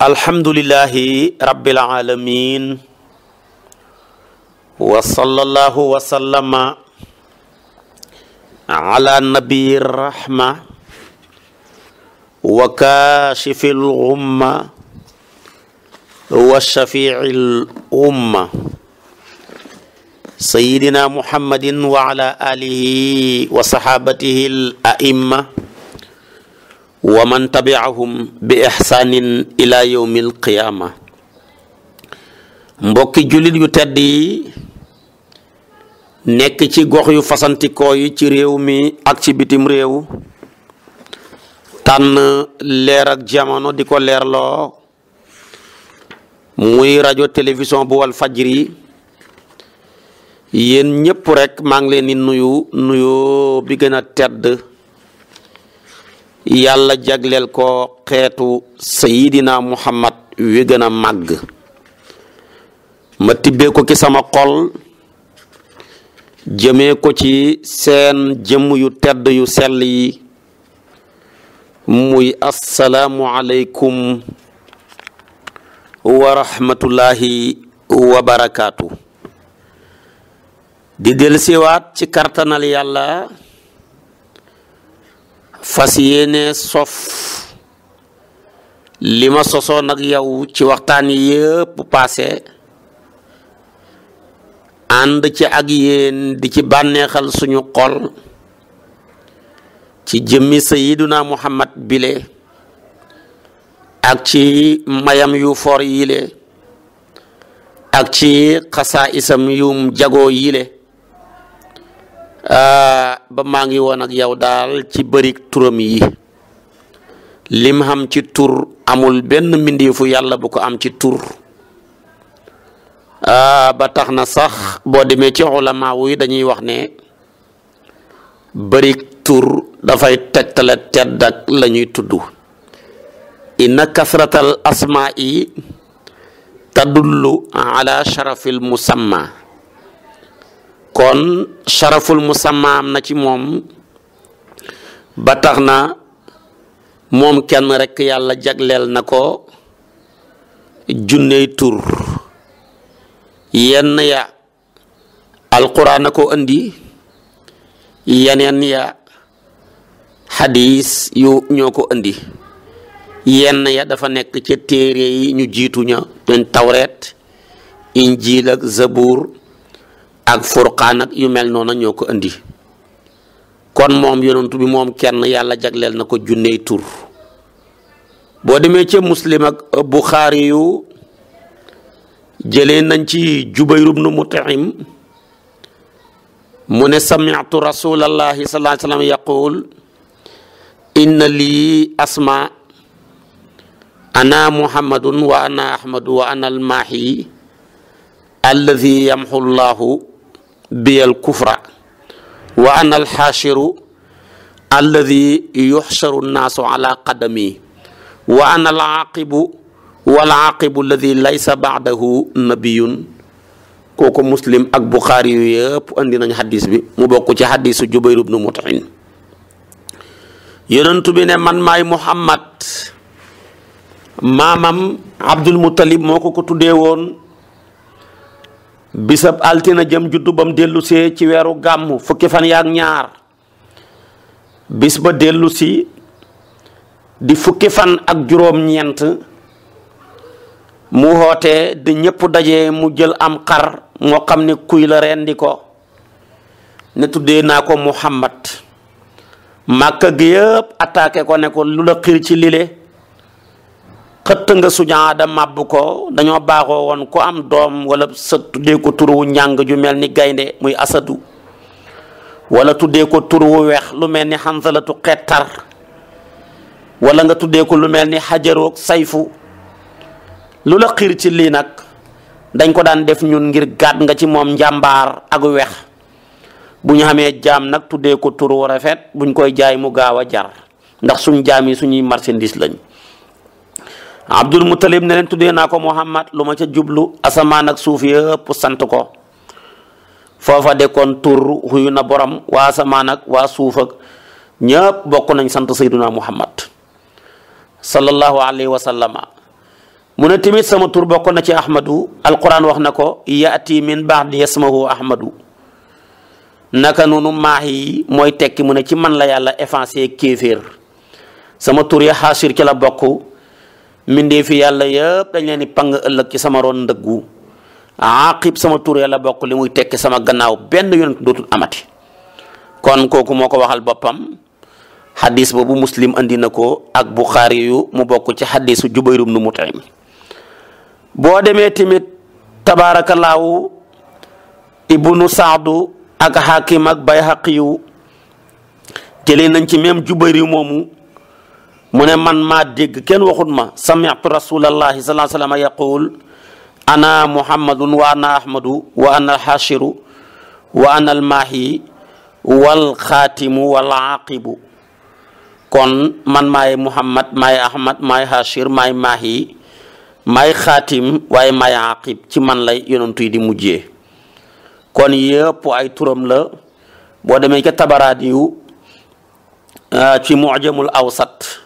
alhamdulilahi rabbil alamin wa sallallahu wa sallama ala nabii rahma wa kaashifil umma wa shafiil umma sayidina muhammadin wa ala alihi wa sahabatihi al aimma wa tabi'ahum bi ihsaanin ila yawmil qiyaama mbokki jullit yu tedd yi nekk ci gox yu fasantikoo yi ci réew mi ak ci bitim réew tan leer ak jamono di ko leerloo muy rajo télévision bu wal fajri yéen ñëpp rek maa ngi leen di nuyu nuyoo bi gën a tedd yàlla jagleel ko xeetu sayidina muhammad wi gën a màgg ma tibbee ko ci sama xol jëmee ko ci seen jëmm yu tedd yu sell yi muy assalaamu aleykum wa rahmatullahi wa barakaatu di ci kartanal yàlla fas yéene sof li sosoon nag yow ci waxtaan yëpp paase ànd ci ak yéen di ci bànneexal suñu xol ci jëmmi sayiduna muhammad bile ak ci mayam yu for yile ak ci xasaa isam yum jagoo yile Ah, ba maa ngi woon ak yow daal ci bëri turam yi lim xam ci tur amul benn mbindeefu yàlla bu ko am ci tur ah, ba tax na sax boo demee ci yi dañuy wax ne bëri tur dafay tegtale tedd ak la tudd inna kasratal i yi tadullu ala sharafil musamma kon sharaful musammaam na ci moom ba tax na moom kenn rekk yàlla jagleel na ko junney tur yenn ya alquran a ko indi yeneen ya xadiis yu ñoo ko indi yenn ya dafa nekk ca téere yi ñu jiitu ña ten tawreet injiil ak zabuur ak furqaan ak yu mel noonu ñoo ko indi kon moom yonent bi moom kenn yàlla jagleel na ko junney tur boo demee ci muslim ak buxaari yu jëlee nañ ci jubayr ibnu mu ne sami'tu rasulallahi sallallahu alayhi wa sallam yaqul inna lii asma ana muhammadun wa ana ahmadu wa ana almaahi alladi yamxu llahu biyal kufra wa ana alxaashiru alladi yuxsharu nnaasu ala qadami wa ana alaaqibu walaaqibu alladi laysa baadahu nabiyun kooku muslim ak buxaari yu yëpp andi nañ xadis bi mu bokk ci xadisu jubayr ibnu mutin yonentu bi ne man maay muhammad maamam abdul muttalib moo ko ko tuddee woon bisab altina jëm juddu bam dellu see ci weeru gàmmu fukki fan yaak ñaar bis ba dellusi di fukki fan ak juróom-ñeent mu hootee di ñëpp daje mu jël am xar moo xam ne kuy la rendi ko ne tuddee naa ko Muhammad màkka gi yëpp attaqué ko ne ko lu la xir ci lile xëtt nga sujaada màbb ko dañoo baaxoo woon ku am doom wala sa tuddee ko turuwu njàng ju mel ni gaynde muy asadu wala tuddee ko tur wu weex lu mel ni xansalatu xettar wala nga tuddee ko lu mel ni xajaroog sayfu lu la xiir ci lii nag dañ ko daan def ñun ngir gàtt nga ci moom njàmbaar ak weex bu ñu xamee jaam nag tuddee ko tur wu rafet buñ koy jaay mu gaaw a jar ndax suñ jaam yi suñuy marchandise lañ abdul mutalib ne leen tuddee naa ko muhammad lu ma ca jublu asamaan ak suuf yëpp sant ko foofa de kon tur xuyu na borom waa asamaan ak waa suuf ak ñëpp bokk nañ sant sayduna muhammad sallallahu alayhi wa mu ne tamit sama tur bokk na ci ahmadu alquran wax na ko yaati min ba'di yasmahu ahmadu naka noonu maax yi mooy tekki mu ne ci man la yàlla effacé kéeféer sama tur ya xaasir ci la bokk mindee fi yàlla yëpp dañ leen pang ëllëg ci sama roon ndëggu aqib sama tur yàlla bokk li muy tekki sama gannaaw benn yonent dootul amati kon kooku moo ko waxal boppam xadis boobu muslim andi na ko ak buxaari yu mu bokk ci xadisu jubayrum nu mutaim boo demee tamit tabaarakallaahu ibnu saadu ak xakim ak bayhaqi yu ci même jubayri moomu mu ne man maa dégg kenn waxut ma sami'tu rasulallahi sallallahu alayhi wa sallam yaqul ana muhammadun wa ana ahmadu wa ana alxashiru wa ana almaahi wal xaatimu wal aqibu kon man maay muhammad maay ahmad maay hashir maay maahi maay xaatim waaye maay aqib ci man lay yonentu yi di mujje kon yëpp ay turam la boo demee ca tabaraat yu ah, ci mujamul awsat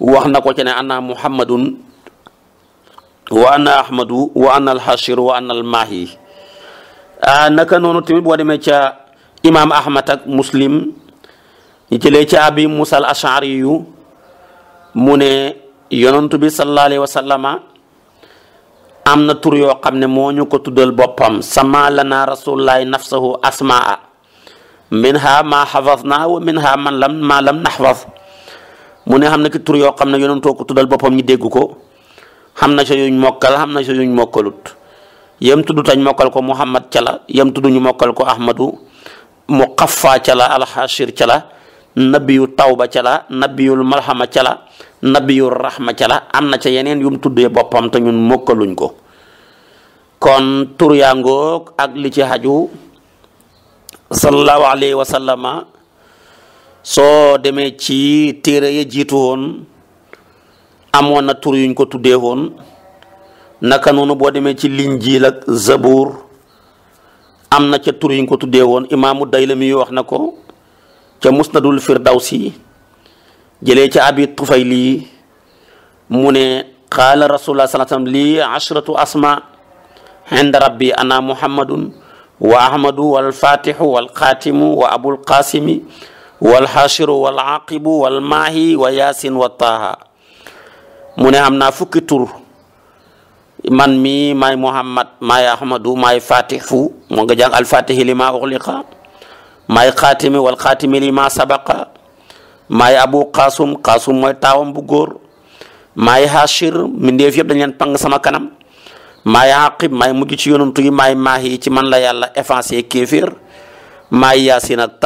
wax na ko ci ne ana muhammadun wa ana ahmadu wa ana alxashir wa ana almaahi ah, naka noonu tamit boo demee ca imaam ahmad muslim ñu jëlee ci abi musa yu mu ne yonantu bi sallallahu wa sallama am na tur yoo xam ne moo ñu ko tuddal boppam sama lana rasulullahi nafsahu asmaa minha ma xafas wa minha ma lam naxfas mu ne xam na ki tur yoo na ne yonentoo ko tuddal boppam ñu dégg ko xam na sa yuñ mokkal xam na sa yuñ mokkalut yem tudd tañ mokkal ko muhammad cala yem tudd ñu mokkal ko ahmadu mu xaffaa cala alxasir cala nabiyu tawba cala nabiyul malhama cala nabiyul rahma cala am na ca yeneen yum tuddee boppam te ñun mokkaluñ ko kon tur yaa ngoog ak li ci xaju sallallahu alayhi wa soo demee ci téere ya jiitu woon amoon na tur yuñ ko tuddee woon naka noonu boo demee ci linjiil ak zabuur am na ca tur yuñ ko tuddee woon imaamu daylami wax na ko ca musnadul firdawsi jëlee ci abi tufayli mu ne qaala rasulullah sallallahu alayhi ashratu asma inda rabbi ana muhammadun wa ahmadu wal fatihu wal xaatimu wa abul qaasimi walxaashiru walaqibu walmaahi wa yaasin wa taaha mu ne am naa fukki tur man mii maay muhammad maay ahmadu maay fatihu moo nga jàng alfatihi lima uxliqa maay xaatimi wal xaatimi lima sabaqa maay abu qaasum qaasum mooy taawam bu góor maay haashir mbindeef yëpp da leen pang sama kanam maay aqib maay mujj ci yonantu yi maay maahi ci man la yàlla effacé kéeféer maa yaasin ak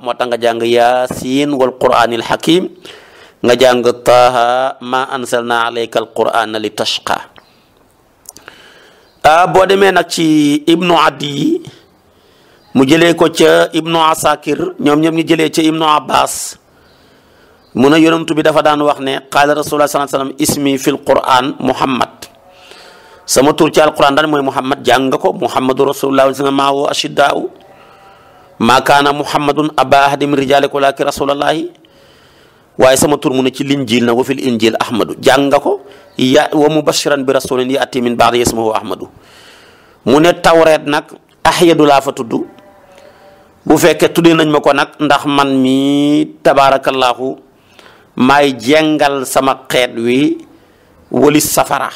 moo tax nga jàng yaasin wal quraanil hakim nga jàng taaha ma ansalna alayka al qurana li tashqa a boo demee nag ci ibnu addi mu jëlee ko ca ibnu asakir ñoom ñoom ñu jëlee ci ibnu abbas mun a yonentu bi dafa daan wax ne qaala rasulullah sallallahu alayhi wasallam ismi fil quran muhammad sama tur ci alquran daan mooy muhammad jàng nga ko muhammadu rasulullah wa sallam maawo maa kaana muhammadun aba ahadim rijaalikum walakin rasulallaahi waaye sama tur mu ne ci linjiil na wa fil injiil ahmadu jàng nga ko ya wa mubashiran bi rasulin yaati min baadi ismuhu ahmadu mu ne tawreet nag axyadu laa fa tudd bu fekkee tuddee nañ ma ko nag ndax man mi tabaarakallaahu maay jengal sama xeet wi wali safara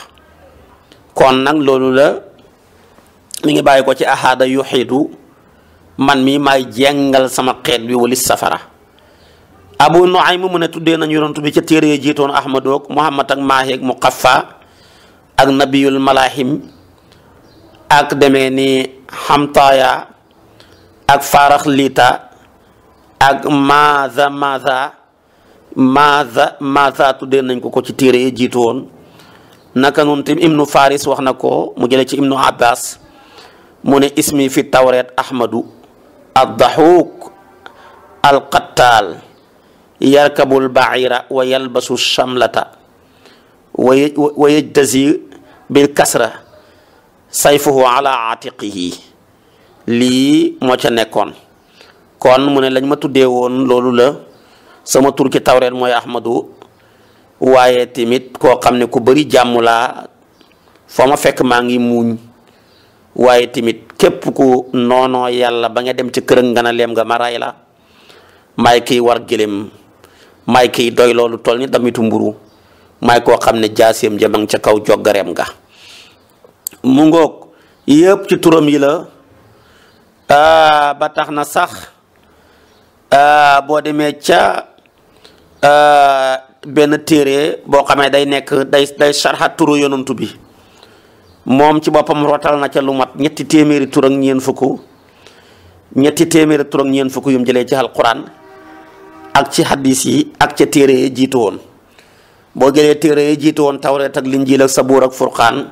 kon nag loolu la mi ngi bàyyi ko ci ahada yuxidu man mii maay jengal sama xeet bi walis safara abu nuaym mu ne tuddee nañu yonent bi ca téere ya jiitoon ahmadoog muhammad ak maahi ak muqaffa ak nabiyul malahim ak demee ni xamtaaya ak faarax liita ak maaza maaza maaza maaza tuddee nañ ko ko ci téere yi jiitu woon naka noonu tim ibnu faris wax na ko mu jële ci ibnu abbas mu ne ismi fi tawreet ahmadu addaxuuk alqattaal yarkabul baira wa yalbasu shamlata wa yaj wa bil kasra sayfuhu ala atiqihi lii moo ca nekkoon kon mu ne lañ ma tuddee woon loolu la sama tur ci tawreet mooy ahmadu waaye tamit koo xam ne ku bari jàmm laa foo ma fekk maa ngi muuñ waaye tamit képp ku noonoo yàlla ba nga dem ci kër nga na leem nga ma ray la may kiy war gëlem maay kiy doy loolu toll ni damitu mburu may koo xam ne jaaseem ja ma nga ca kaw joggareem nga mu ngoog yëpp ci turam yi la ba tax na sax boo demee ca benn téere boo xamee day nekk day day sarxa turu yonantu bi moom ci boppam rotal na ca lu mat ñetti téeméeri tur ak ñeen fukk ñetti téeméeri tur ak ñeen fukk yu mu jëlee ci alquran ak ci hadis yi ak ca téere yi jiitu woon boo jëlee téere yi jiitu woon tawreet ak linjiil ak sabuur ak furqaan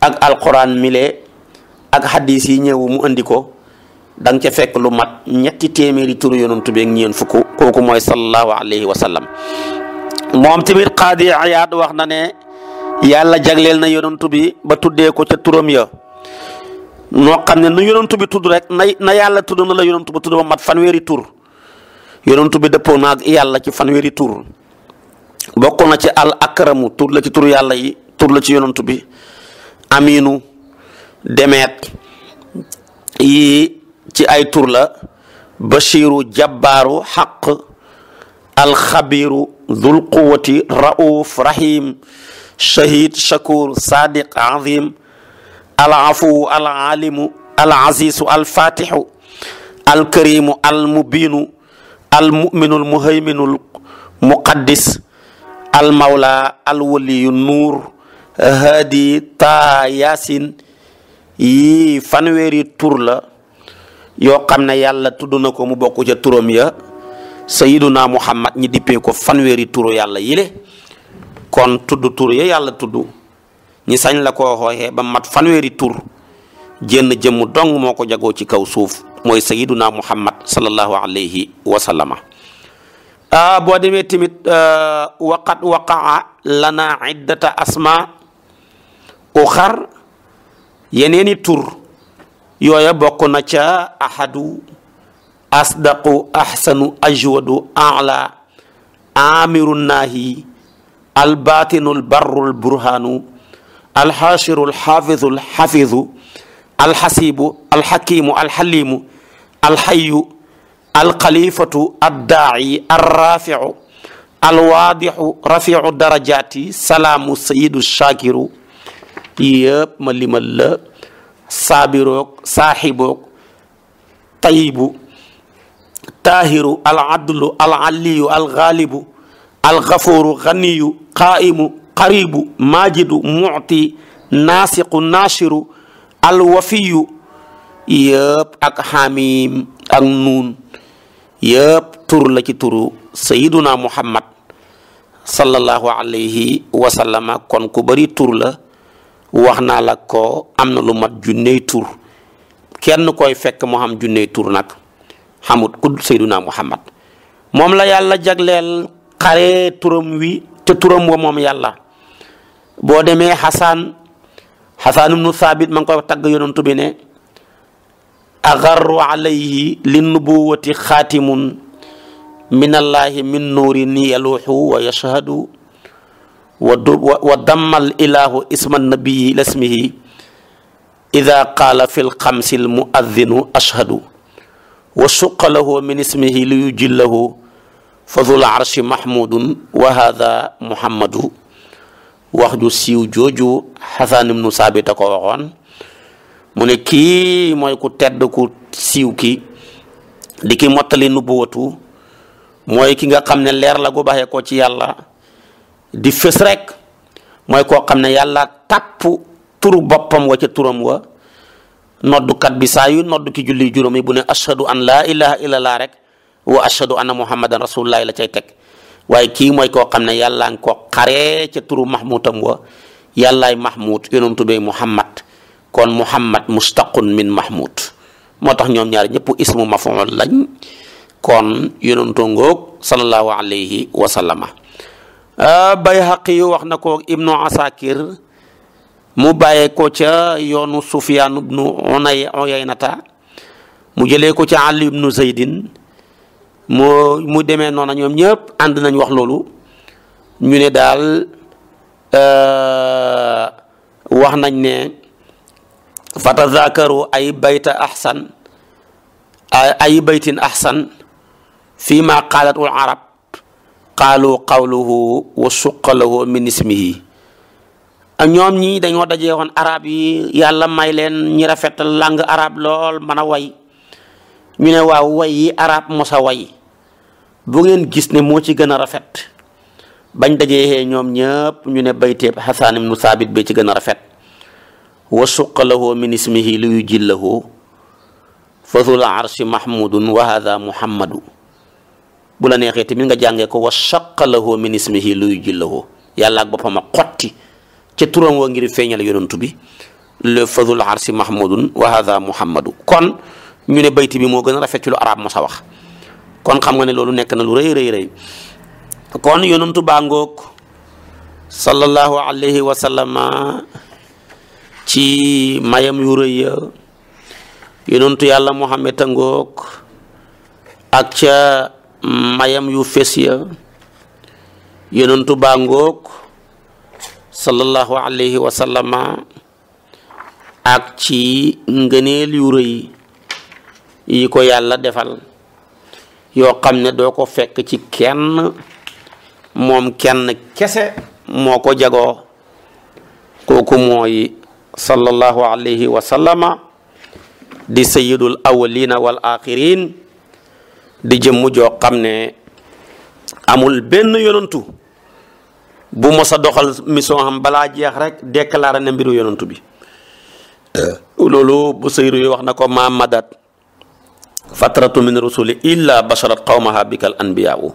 ak alquran mile ak hadis yi ñëw mu indi ko da nga fekk lu mat ñetti téeméeri turu yonent bi ak ñeen fukk kooku mooy sallallahu alayhi wa sallam moom tamit qaadi Iyaad wax na ne. yàlla jagleel na yonantu bi ba tuddee ko ca turam ya noo xam ne nu yonantu bi tudd rek na yàlla tudd na la yonantu ba tudd ba mat fanweeri tur yonantu bi dëppoo na yàlla ci fanweeri tur bokk na ci al akramu tur la ci tur yàlla yi tur la ci yonantu bi aminu demeet yi ci ay tur la bashiru jabbaaru xaq alxabiru dhul quwati rauf rahim shahid shakur sadiq azim alaafuwu alaalimu alazizu alfatixu alkarimu almubinu almuminu almuhayminu almuqaddis almawla alwaliyu nuur haadi taa yaasin yii fanweeri tur la yoo xam ne yàlla tudd na ko mu bokk ca turam ya sayiduna muhammad ñi dippee ko fanweeri turu yàlla yile kon tudd tur ya yàlla tudd ñi sañ la koo xooxee ba mat fanweeri tur jénn jëmm dong moo ko jagoo ci kaw suuf mooy sayiduna muhammad sallallahu alayhi wa sallama a boo demee tamit waqat waqaa lana iddata asma uxar yeneeni tur yooya bokk na ca ahadu asdaqu ahsanu ajwadu ala amiru naahi albatinul barrul burhaanu alxaashiru alxaafizu alxafizu alxasiibu alxakiimu alxaliimu alxayu alxalifatu addaaci alraaficu alwaadixu raficu darajaati salaamu sayidu shaakiru yëpp ma limal la saabiroog saaxiboog tayibu taahiru alcadlu alcaliyu alxaalibu alxafuuru xaniyu qaa'imu qaribu maajidu mu'ti naasiqu naashiru alwafiyu yëpp ak xaamim ak nuun yëpp tur la ci tur sayiduna muhammad sallallahu alayhi wa sallama kon ku bari tur la wax naa la ko am na lu mat junney tur kenn koy fekk mu xam junney tur nag xamut ku sayduna muhammad moom la yàlla jagleel xare turam wi ca turam wa moom yàlla boo demee xasaan xasaan ibnu saabit ma ngi koy tagg yonantu bi ne agarru alayhi li nubuwati xaatimun min allahi min nuuri ni yaluuxu wa yashhadu wa du wa dammal ilaahu isma nabiyi lasmihi ida qaala fi lxamsi lmuaddinu ashhadu wa suqa lahu min ismihi li yujillahu fadul arshi mahmudun wa hada muhammadu wax ju siiw jooju xasan ibnu saabit a ko waxoon mu ne kii mooy ku tedd ku siiw ki di ki mottali nubuwatu mooy ki nga xam ne leer la gu baxee ko ci yàlla di fës rek mooy koo xam ne yàlla tàpp turu boppam wa ca turam wa noddukat bi saa yu noddu ki julli juróom yi bu ne ashhadu an laa ilaha illallah rek wa ashhadu anna muhammadan rasulullahi la cay teg waaye kii mooy koo xam ne yàllaa ngi ko xaree ca turu mahmudam wa yàllaay mahmud yonentu bi muhammad kon muhammad mustaqun min mahmud moo tax ñoom ñaar ñëpp ismu mafuul lañ kon yonentu ngoog sallallahu alayhi wa sallama ah, bayhaqi yu wax na ko ibnu asakir mu bàyyee ko ca yoonu sufyaan ibnu unay uyaynata mu jëlee ko ca ali ibnu zaydin moo mu demee noona ñoom ñëpp ànd nañ wax loolu ñu ne daal euh, wax nañ ne fatazakaru ay bayta ahsan ay baytin ahsan fi ma qaalat ul arab qaalu qawluhu wa suqa lahu min ñoom ñi dañoo dajee woon arab yi yàlla may leen ñi rafetal làng arab lool mën a way ñu ne waaw way yi mosa way bu ngeen gis ne moo ci gën a rafet bañ dajee ñoom ñëpp ñu ne bayteeb xasaan ibnu saabit ba ci gën a rafet wa suqa lahu min ismihi li yu jillahu fathul arshi mahmudun wa hada muhammadu bu la neexee tamit nga jàngee ko wa saqa lahu min ismihi li yu jillahu yàlla xotti ca ngir feeñal yonantu bi le fathul arshi mahmudun wa hada muhammadu kon ñu ne bayti bi moo gën a rafet ci lu arab mos wax kon xam nga ne loolu nekk na lu rëy rëy rëy kon yonantu baa ngoog sallallahu alayhi wa ci mayam yu rëy yàlla Muhammad a ngoog ca mayam yu fes ya yonantu baa ngoog sallallahu alayhi wa sallama ak ci ngëneel yu rëy yi ko yàlla defal yoo xam ne doo ko fekk ci kenn moom kenn kese moo ko jagoo kooku mooy sallallahu alayhi wa sallama di sayyidul awwalina wal axirin di jëmm joo xam ne amul benn yonantu bu mos a doxal mission am balaa jeex rek déclaré na mbiru yonantu bi euh. loolu bu sayru yi wax na ko ma madat fatratu min rusuli illa basharat qawmaha bikal anbiyaau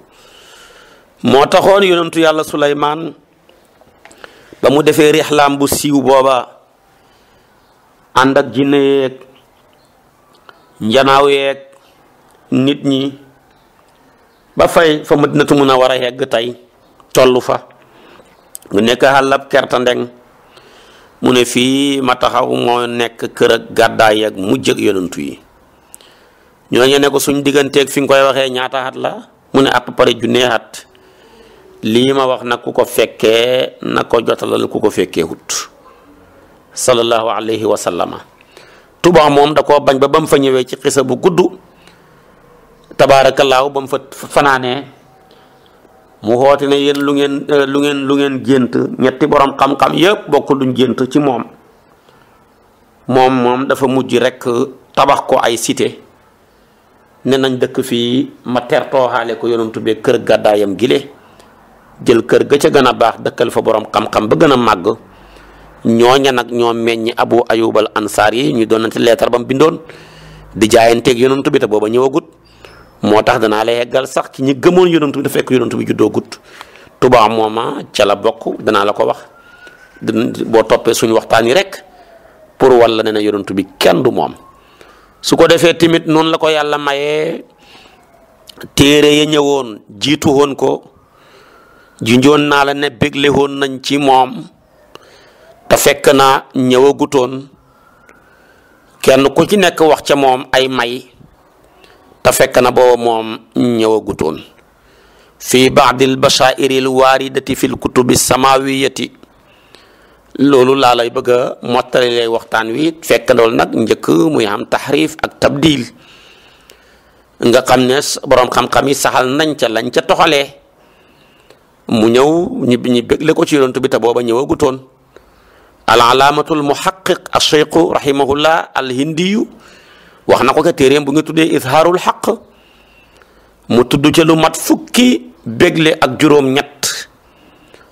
moo taxoon yonentu yàlla suleymaan ba mu defee rixlaam bu siiw booba ànd ak jinne yeeg njanaaw yeeg nit ñi ba fay fa madinatu mun a war a yegg tey tollu fa mu nekk xàllab kerta mu ne fii ma taxaw moo nekk kër ak gàddaay ak mujj ak yonentu yi ñoo ne ko suñ digganteeg fi nga koy waxee ñaata at la mu ne à peu près junnee at lii ma wax nag ku ko fekkee nag ko jotalal ku ko fekkee wut sallallahu alayhi wa sallama Tuubaa moom da koo bañ ba ba mu fa ñëwee ci xisa bu gudd tabaarakallaahu ba mu fa fanaanee mu xoote ne lu ngeen euh, lu ngeen lu ngeen gént ñetti borom xam-xam yépp bokk luñ gént ci moom moom moom dafa mujj rekk tabax ko ay cité ne nañ dëkk fii ma tertoo xaale ko yonantu bee kër gàddaayam gile jël kër ga ca gën a baax dëkkal fa borom xam-xam ba gën a màgg ñooña nag ñoo meññi abu ayubal ansaar yi ñu doonante leetar ba mu bindoon di jaayanteeg yonantu bi booba booba ñëwagut moo tax danaa la yeggal sax ki ñi gëmoon yonantu bi te fekk yonantu bi juddoo gut tubaab mooma ca la bokk danaa la ko wax boo toppee suñu waxtaan yi rek pour walla ne na yonantu kenn du moom su ko defee tamit noonu la ko yàlla mayee téere ya ñëwoon jiitu woon ko junjoon naa la ne bégle woon nañ ci moom te fekk na ñëwagutoon kenn ku ci nekk wax ca moom ay may te fekk na booba moom ñëwagutoon fi baadil basaa'iril waaridati fil kutubi samawiyati loolu laa lay bëgg a mottali lay waxtaan wi fekk loolu nag njëkk mu am taxrif ak tabdil nga xam ne boroom xam-xam yi saxal nañ ca lañ ca toxalee mu ñëw ñu ñu bégle ko ci yonent bi te booba ñëwagutoon al alaamatul muhaqiq ash-shaykhu rahimahullah al hindiyu wax na ko ca téeréem bu nga tuddee izharul xaq mu tudd ca lu mat fukki bégle ak juróom-ñett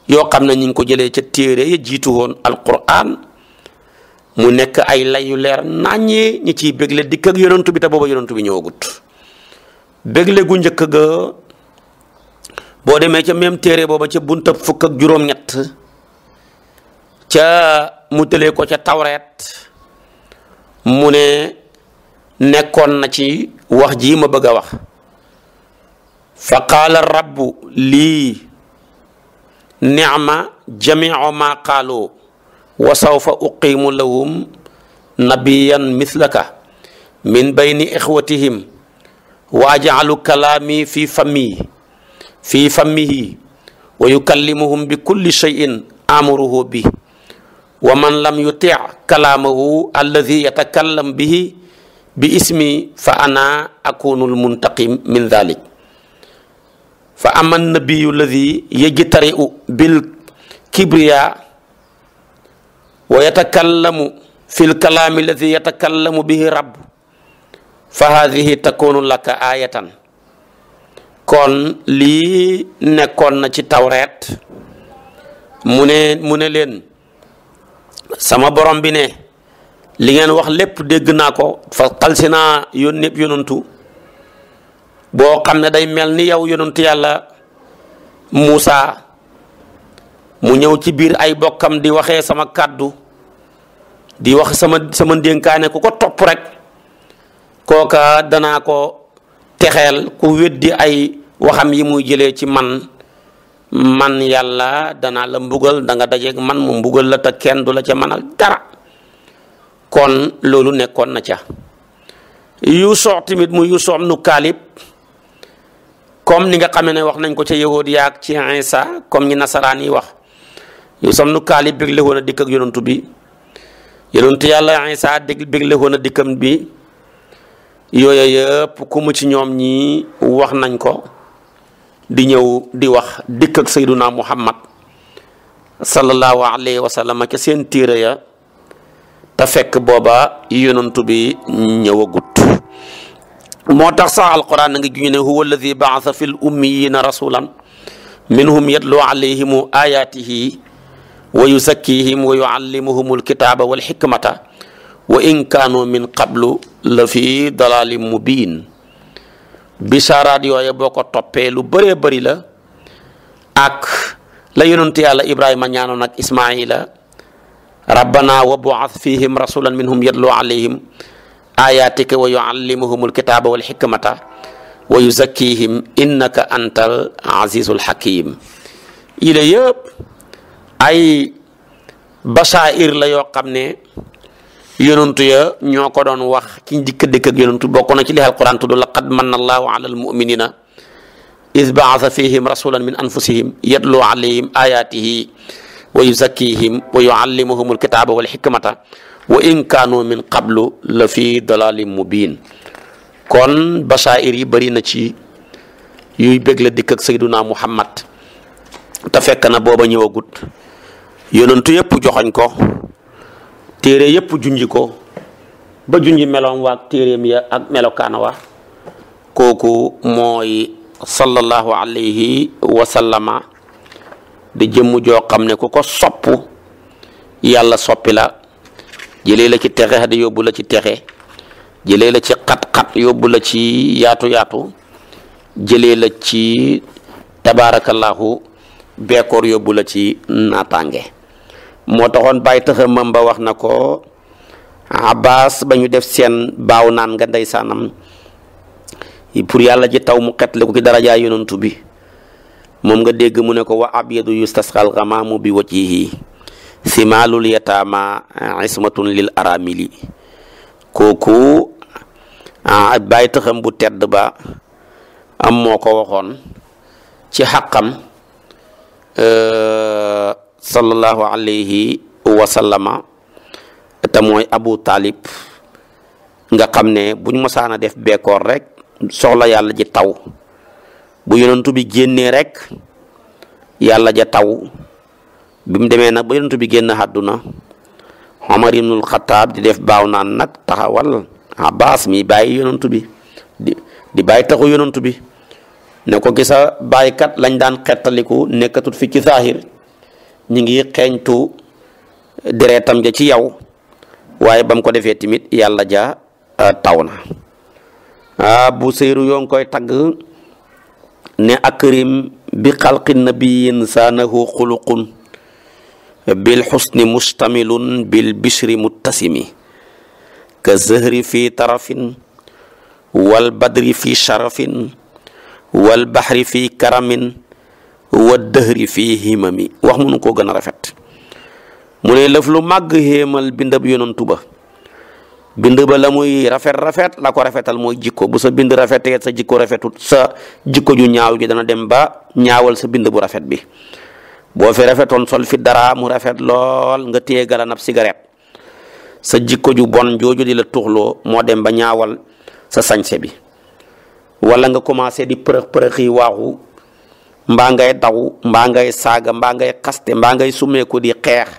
yoo xam ne ñu ngi ko jëlee ca téere ya jiitu woon alquran mu nekk ay layu leer naññee ñi ciy bégle dikk ak yonantu bi te booba yonantu bi ñëwagut bégle gu njëkk ga boo demee ca même téere booba ca bunta fukk ak juróom-ñett ca mu tëlee ko ca tawreet mu ne nekkoon na ci wax ji ma bëgg a wax fa qaala rabbu lii nicma jamiu ma qaalu wa sawfa uqimu lahum nabiyan mislaka min bayni ixwatihim wa ajcalu kalaami fi fammihi fi fammihi wa yukallimuhum bi kulli cheyin amuruhu bi wa man lam yutic kalaamahu alladi yatakallam bihi bi ismi fa ana akunu almuntaqim min dalik fa ama nabiyu lladi yajtariu bil kibriya wa yatakallamu fi lkalaami alladi yatakallamu bihi rabb fa haadihi takunu laka ayatan kon lii nekkoon na ci tawreet mu ne mu leen sama borom bi ne li ngeen wax lépp dégg naa ko fa xalsi naa yónnee yónantu boo xam ne day mel ni yow yonent yàlla Muusa mu ñëw ci biir ay bokkam di waxee sama kàddu di wax sama sama ndénkaane ku ko topp rekk kooka danaa ko texeel ku weddi ay waxam yi muy jëlee ci man man yàlla danaa la mbugal danga nga dajeeg man mu mbugal la te kenn du la ca mënal dara kon loolu nekkoon na ca yuusoo tamit mu yuusoo nu kaalib comme ni nga xamee ne wax nañ ko ca yahood yaag ci Isa comme ñi nasaraan yi wax yu sam nu kaali bégle woon a dikk ak yonantu bi yonantu yàlla a dikkam bi yooyu yëpp ku mu ci ñoom ñi wax nañ ko di ñëw di wax dikk ak sayduna muhammad sallallahu alayhi wa sallam ca seen téere ya te fekk booba yonantu bi ñëwagut moo tax sax alquran na nga juñu ne huwa alladi baasa fi l ummiyina rasulan minhum yatlu alayhim ayatihi wa yusakkihim wa yuallimuhum alkitaba walxikmata wa in kaanu min qablu la fi dalalin mubin bisaaraat yooye boo ko toppee lu bëree bëri la ak la yonent yàlla ibrahima ñaanoon ak ismaila rabbana wa buath fihim rasulan minhum yatlu alayhim ayatika wa yuallimuhumul kitaaba wal hikmata wa yuzakkihim innaka antal azizul hakim yile yëpp ay basaa'ir la yoo xam ne yonantu ya ñoo ko doon wax ci dikk dikk ak yonantu bokk na ci li alquran tudd laqad manna allahu ala almuminina iz baasa fihim rasulan min anfusihim yatlu alayhim ayatihi wa yuzakkihim wa yuallimuhumul kitaaba wal hikmata wa in kaanu min qablu la fi dalalin mubin kon basaa'ir yi bari na ci yuy bégle dikk ak sayduna muhammad te fekk na booba ñëwagut yonentu yëpp joxoñ ko téere yëpp junji ko ba junji meloom waa ak téereem ya ak melokaana wa kooku mooy sallallahu alayhi wa di jëmm joo xam ne ku ko sopp yàlla soppi la jëlee la ci texe di yóbbu la ci texe jëlee la ci xat-xat yóbbu la ci yaatu-yaatu jëlee la ci tabaarakallaahu beekoor yóbbu la ci naataange moo taxoon bàyyi taxa ba wax na ko abbas ba ñu def seen baaw naan nga ndeysaanam pour yàlla ji taw mu xetle ko ki darajaay yonantu bi moom nga dégg mu ne ko wa abyadu yustasqal ghamaamu bi wajhihi simaalul yataama ismatun lil aramili kooku ah, bàyyi taxam bu tedd ba am moo ko waxoon ci xaqam eh, sallallahu alayhi wasalama sallama te mooy abu taalib nga xam ne buñ mosaan a def bekkoor rek soxla yàlla ji taw bu yonentu bi génnee rek yàlla ja taw bi mu demee nag ba yonent bi génn àdduna Omar Xataab di def baaw naan nag taxawal Abbas mi bàyyi yonent bi di di taxu yonent bi ne ko gisa bàyyikat lañ daan xettaliku nekkatut fi ci saahir ñi ngi xeeñtu deretam ja ci yow waaye bam ko defee tamit yàlla ja taw na bu séeru yoo koy tagg ne ak akrim bi xalqi nabiyin saanahu xuluqun bil xusni mustamilun bil bishri muttasimi ka zëhri fi tarafin wal badri fi sharafin wal baxri fi karamin wa dëhri fi himami wax munu koo gën a rafet mu ne lëf lu màgg xéemal bindab yonantu ba bind ba la muy rafet rafet la ko rafetal mooy jikko bu sa bind rafetee sa jikko rafetut sa jikko ju ñaaw ji dana dem ba ñaawal sa bind bu rafet bi boo fi rafetoon sol fi dara mu rafet lool nga téye galanab cigarette sa jikko ju bon jooju di la tuxloo moo dem ba ñaawal sa sañse bi wala nga commencé di përëx përëx yi waaxu mbaa ngay daw mbaa ngay saaga mbaa ngay xaste mbaa ngay summeeku di xeex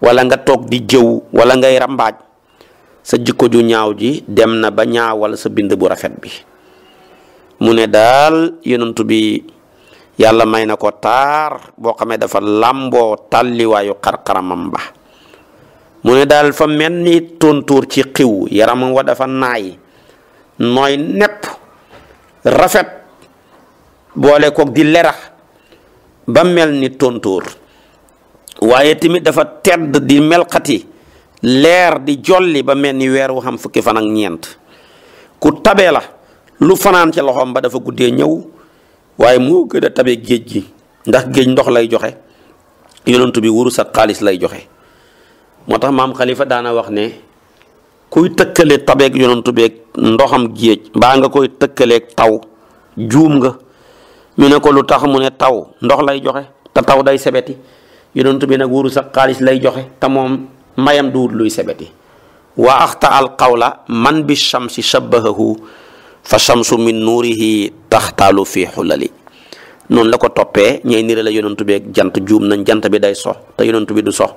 wala nga toog di jëw wala ngay rambaaj sa jikko ju ñaaw ji dem na ba ñaawal sa bind bu rafet bi mu ne daal yonent bi yàlla may na ko taar boo xamee dafa làmboo tàlliwaayu xar-xaramam ba mu ne daal fa mel ni tontuur ci xiw yaramam wa dafa naay nooy nepp rafet boole koog di lerax ba mel ni tontuur waaye tamit dafa tedd di melxati leer di jolli ba mel ni weer wu xam fukki fan ñeent ku tabee la lu fanaan ci loxoom ba dafa guddee ñëw waaye moo gën a tabee géej gi ndax géej ndox lay joxe yonent bi wurus ak xaalis lay joxe moo tax maam xalifa daana wax ne kuy tëkkale tabeeg yonent beeg ndoxam géej baa nga koy tëkkaleek taw juum nga ñu ne ko lu tax mu ne taw ndox lay joxe te taw day sebeti yonent bi nag wurus ak xaalis lay joxe te moom mayam duwut luy sebeti wa axta al qawla man bi shamsi shabbahahu fa shamsu min nuurihi taxtaalu fii xulali noonu la ko toppee ñay nire la yonantu beeg jant juum nañ jant bi day sox te yonantu bi du sox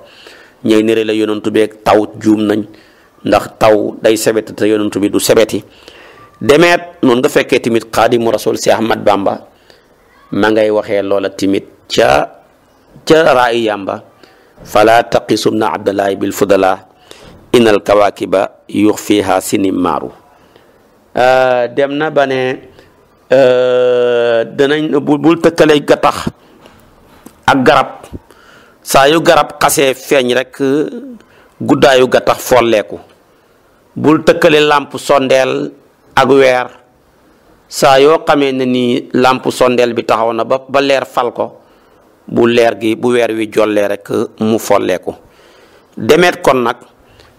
ñay nire la yonantu beeg taw juum nañ ndax taw day sebet te yonantu bi du sebeti demeet noonu nga fekkee tamit xaadimu rasul si Ahmad Bamba ma ngay waxee loola tamit ca ca raayu yàmba fala taqisum na abdalaahi bil fudala inal kawaakiba yux fiiha sinimaaru Euh, dem na ba ne euh, danañ bul tëkkale gattax ak garab saa yu garab xasee feeñ rek guddaayu gattax folleeku bul tëkkale làmp sondeel ak weer saa yoo xamee na nii làmp sondeel bi taxaw na ba ba leer fal ko bu leer gi bu weer wi jollee rek mu foleku demeet kon nag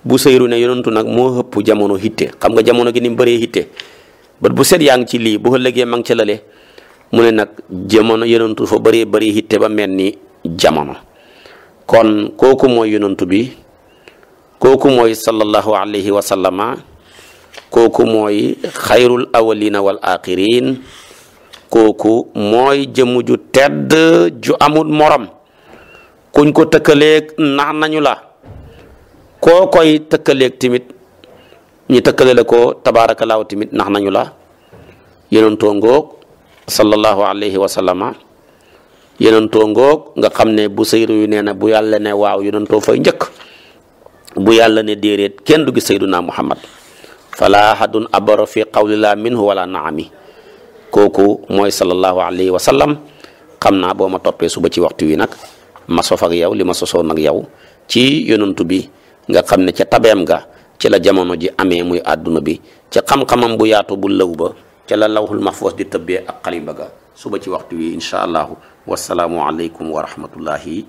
bu seyru ne yonantu nag moo ëpp jamono hitte xam nga jamono gi ni mu bëree hitte bat bu set yaa ngi ci lii bu ëllëgee ma ngi ca lale mu ne nag jamono yonantu fa bëree bëri hitte ba mel ni jamono kon kooku mooy yonantu bi kooku mooy sallallahu alayhi wa sallama kooku mooy xayrul awalina wal axirin kooku jëmm ju tedd ju amul morom kuñ ko tëkkaleeg nax nañu la koo koy tëkkaleeg tamit ñu tëkkale la ko tabaarakallaahu tamit ndax nañu la yonentoo ngoog sallallahu alayhi wa sallama yonentoo ngoog nga xam ne bu sayru yu nee na bu yàlla ne waaw yonentoo fay njëkk bu yàlla ne déeréet kenn du gis sayduna muhammad fala ahadun abara fi qawlilaa minhu wala naami kooku mooy sallallahu alayhi wa sallam xam naa boo ma toppee suba ci waxtu wi nag ma sof ak yow li ma sosoon ak yow ci yonantu bi nga xam ne ca tabeem ga ci la jamono ji amee muy àdduna bi ca xam-xamam bu yaatu bu lëw ba ca la lawhul mahfuz di tëbbee ak xalimba ga suba ci waxtu wi incha allahu wasalaamualeykum wa rahmatullahi